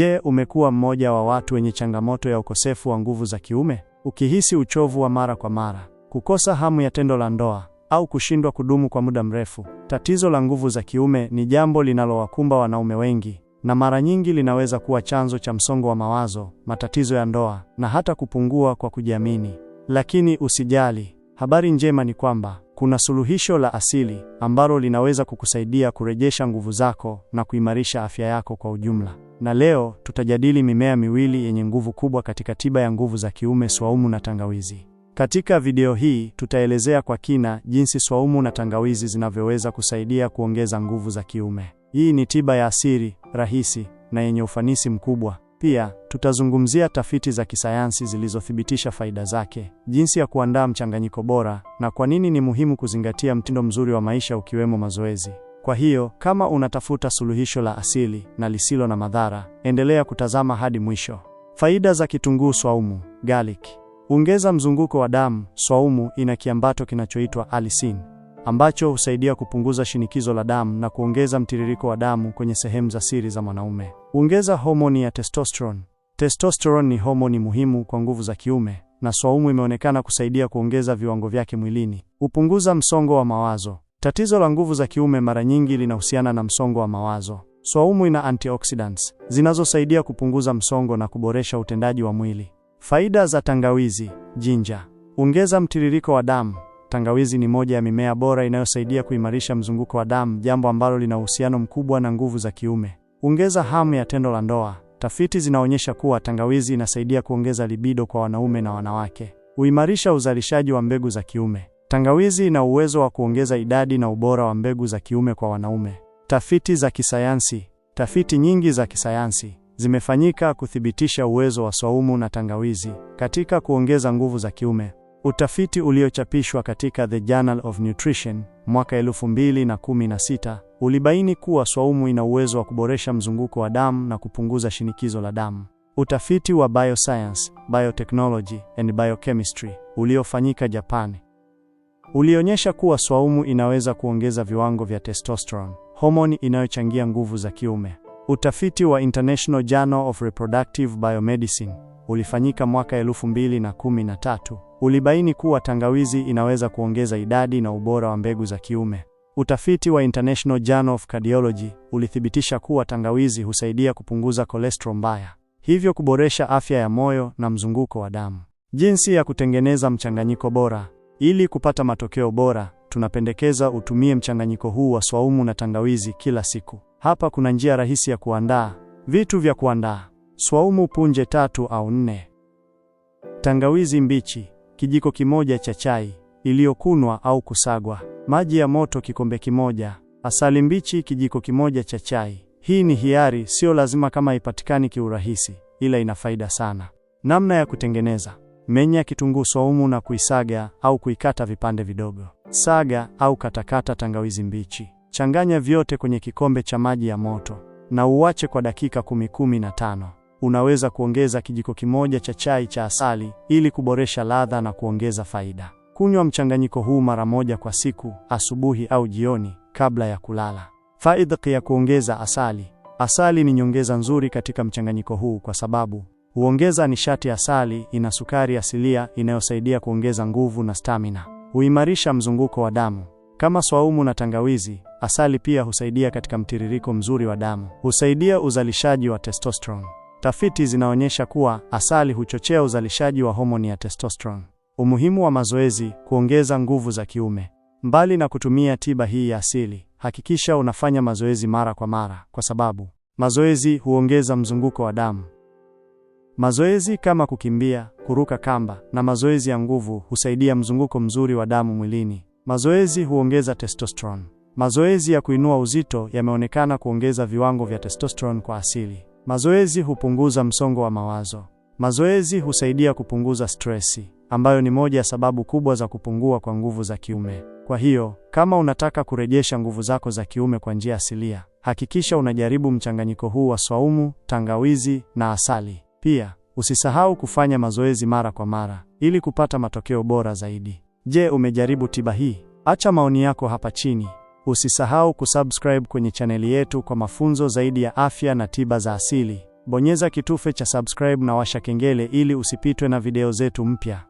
Je, umekuwa mmoja wa watu wenye changamoto ya ukosefu wa nguvu za kiume? Ukihisi uchovu wa mara kwa mara, kukosa hamu ya tendo la ndoa au kushindwa kudumu kwa muda mrefu. Tatizo la nguvu za kiume ni jambo linalowakumba wanaume wengi na mara nyingi linaweza kuwa chanzo cha msongo wa mawazo, matatizo ya ndoa na hata kupungua kwa kujiamini. Lakini usijali, Habari njema ni kwamba kuna suluhisho la asili ambalo linaweza kukusaidia kurejesha nguvu zako na kuimarisha afya yako kwa ujumla. Na leo tutajadili mimea miwili yenye nguvu kubwa katika tiba ya nguvu za kiume, swaumu na tangawizi. Katika video hii tutaelezea kwa kina jinsi swaumu na tangawizi zinavyoweza kusaidia kuongeza nguvu za kiume. Hii ni tiba ya asili, rahisi na yenye ufanisi mkubwa pia tutazungumzia tafiti za kisayansi zilizothibitisha faida zake, jinsi ya kuandaa mchanganyiko bora na kwa nini ni muhimu kuzingatia mtindo mzuri wa maisha ukiwemo mazoezi. Kwa hiyo, kama unatafuta suluhisho la asili na lisilo na madhara, endelea kutazama hadi mwisho. Faida za kitunguu swaumu, garlic. Ongeza mzunguko wa damu. Swaumu ina kiambato kinachoitwa allicin, ambacho husaidia kupunguza shinikizo la damu na kuongeza mtiririko wa damu kwenye sehemu za siri za mwanaume. Huongeza homoni ya testosterone. Testosterone ni homoni muhimu kwa nguvu za kiume na swaumu imeonekana kusaidia kuongeza viwango vyake mwilini. Hupunguza msongo wa mawazo. Tatizo la nguvu za kiume mara nyingi linahusiana na msongo wa mawazo. Swaumu ina antioxidants zinazosaidia kupunguza msongo na kuboresha utendaji wa mwili. Faida za tangawizi, jinja. Ongeza mtiririko wa damu. Tangawizi ni moja ya mimea bora inayosaidia kuimarisha mzunguko wa damu, jambo ambalo lina uhusiano mkubwa na nguvu za kiume. Ongeza hamu ya tendo la ndoa. Tafiti zinaonyesha kuwa tangawizi inasaidia kuongeza libido kwa wanaume na wanawake. Huimarisha uzalishaji wa mbegu za kiume. Tangawizi ina uwezo wa kuongeza idadi na ubora wa mbegu za kiume kwa wanaume. Tafiti za kisayansi. Tafiti nyingi za kisayansi zimefanyika kuthibitisha uwezo wa swaumu na tangawizi katika kuongeza nguvu za kiume. Utafiti uliochapishwa katika The Journal of Nutrition mwaka 2016 ulibaini kuwa swaumu ina uwezo wa kuboresha mzunguko wa damu na kupunguza shinikizo la damu. Utafiti wa Bioscience, Biotechnology and Biochemistry uliofanyika Japani ulionyesha kuwa swaumu inaweza kuongeza viwango vya testosterone, homoni inayochangia nguvu za kiume. Utafiti wa International Journal of Reproductive Biomedicine ulifanyika mwaka elfu mbili na kumi na tatu ulibaini kuwa tangawizi inaweza kuongeza idadi na ubora wa mbegu za kiume. Utafiti wa International Journal of Cardiology ulithibitisha kuwa tangawizi husaidia kupunguza kolestro mbaya, hivyo kuboresha afya ya moyo na mzunguko wa damu. Jinsi ya kutengeneza mchanganyiko bora. Ili kupata matokeo bora, tunapendekeza utumie mchanganyiko huu wa swaumu na tangawizi kila siku. Hapa kuna njia rahisi ya kuandaa. Vitu vya kuandaa: swaumu punje tatu au nne, tangawizi mbichi kijiko kimoja cha chai iliyokunwa au kusagwa, maji ya moto kikombe kimoja, asali mbichi kijiko kimoja cha chai. Hii ni hiari, sio lazima kama ipatikani kiurahisi, ila ina faida sana. Namna ya kutengeneza: menya kitunguu swaumu na kuisaga au kuikata vipande vidogo. Saga au katakata tangawizi mbichi, changanya vyote kwenye kikombe cha maji ya moto na uwache kwa dakika kumi kumi na tano unaweza kuongeza kijiko kimoja cha chai cha asali ili kuboresha ladha na kuongeza faida. Kunywa mchanganyiko huu mara moja kwa siku, asubuhi au jioni kabla ya kulala. Faida ya kuongeza asali. Asali ni nyongeza nzuri katika mchanganyiko huu kwa sababu huongeza nishati. Asali ina sukari asilia inayosaidia kuongeza nguvu na stamina. Huimarisha mzunguko wa damu. Kama swaumu na tangawizi, asali pia husaidia katika mtiririko mzuri wa damu. Husaidia uzalishaji wa testosterone. Tafiti zinaonyesha kuwa asali huchochea uzalishaji wa homoni ya testosterone. Umuhimu wa mazoezi kuongeza nguvu za kiume. Mbali na kutumia tiba hii ya asili, hakikisha unafanya mazoezi mara kwa mara, kwa sababu mazoezi huongeza mzunguko wa damu. Mazoezi kama kukimbia, kuruka kamba na mazoezi ya nguvu husaidia mzunguko mzuri wa damu mwilini. Mazoezi huongeza testosterone. Mazoezi ya kuinua uzito yameonekana kuongeza viwango vya testosterone kwa asili. Mazoezi hupunguza msongo wa mawazo. Mazoezi husaidia kupunguza stresi, ambayo ni moja ya sababu kubwa za kupungua kwa nguvu za kiume. Kwa hiyo, kama unataka kurejesha nguvu zako za kiume kwa njia asilia, hakikisha unajaribu mchanganyiko huu wa swaumu, tangawizi na asali. Pia, usisahau kufanya mazoezi mara kwa mara ili kupata matokeo bora zaidi. Je, umejaribu tiba hii? Acha maoni yako hapa chini. Usisahau kusubscribe kwenye chaneli yetu kwa mafunzo zaidi ya afya na tiba za asili. Bonyeza kitufe cha subscribe na washa kengele ili usipitwe na video zetu mpya.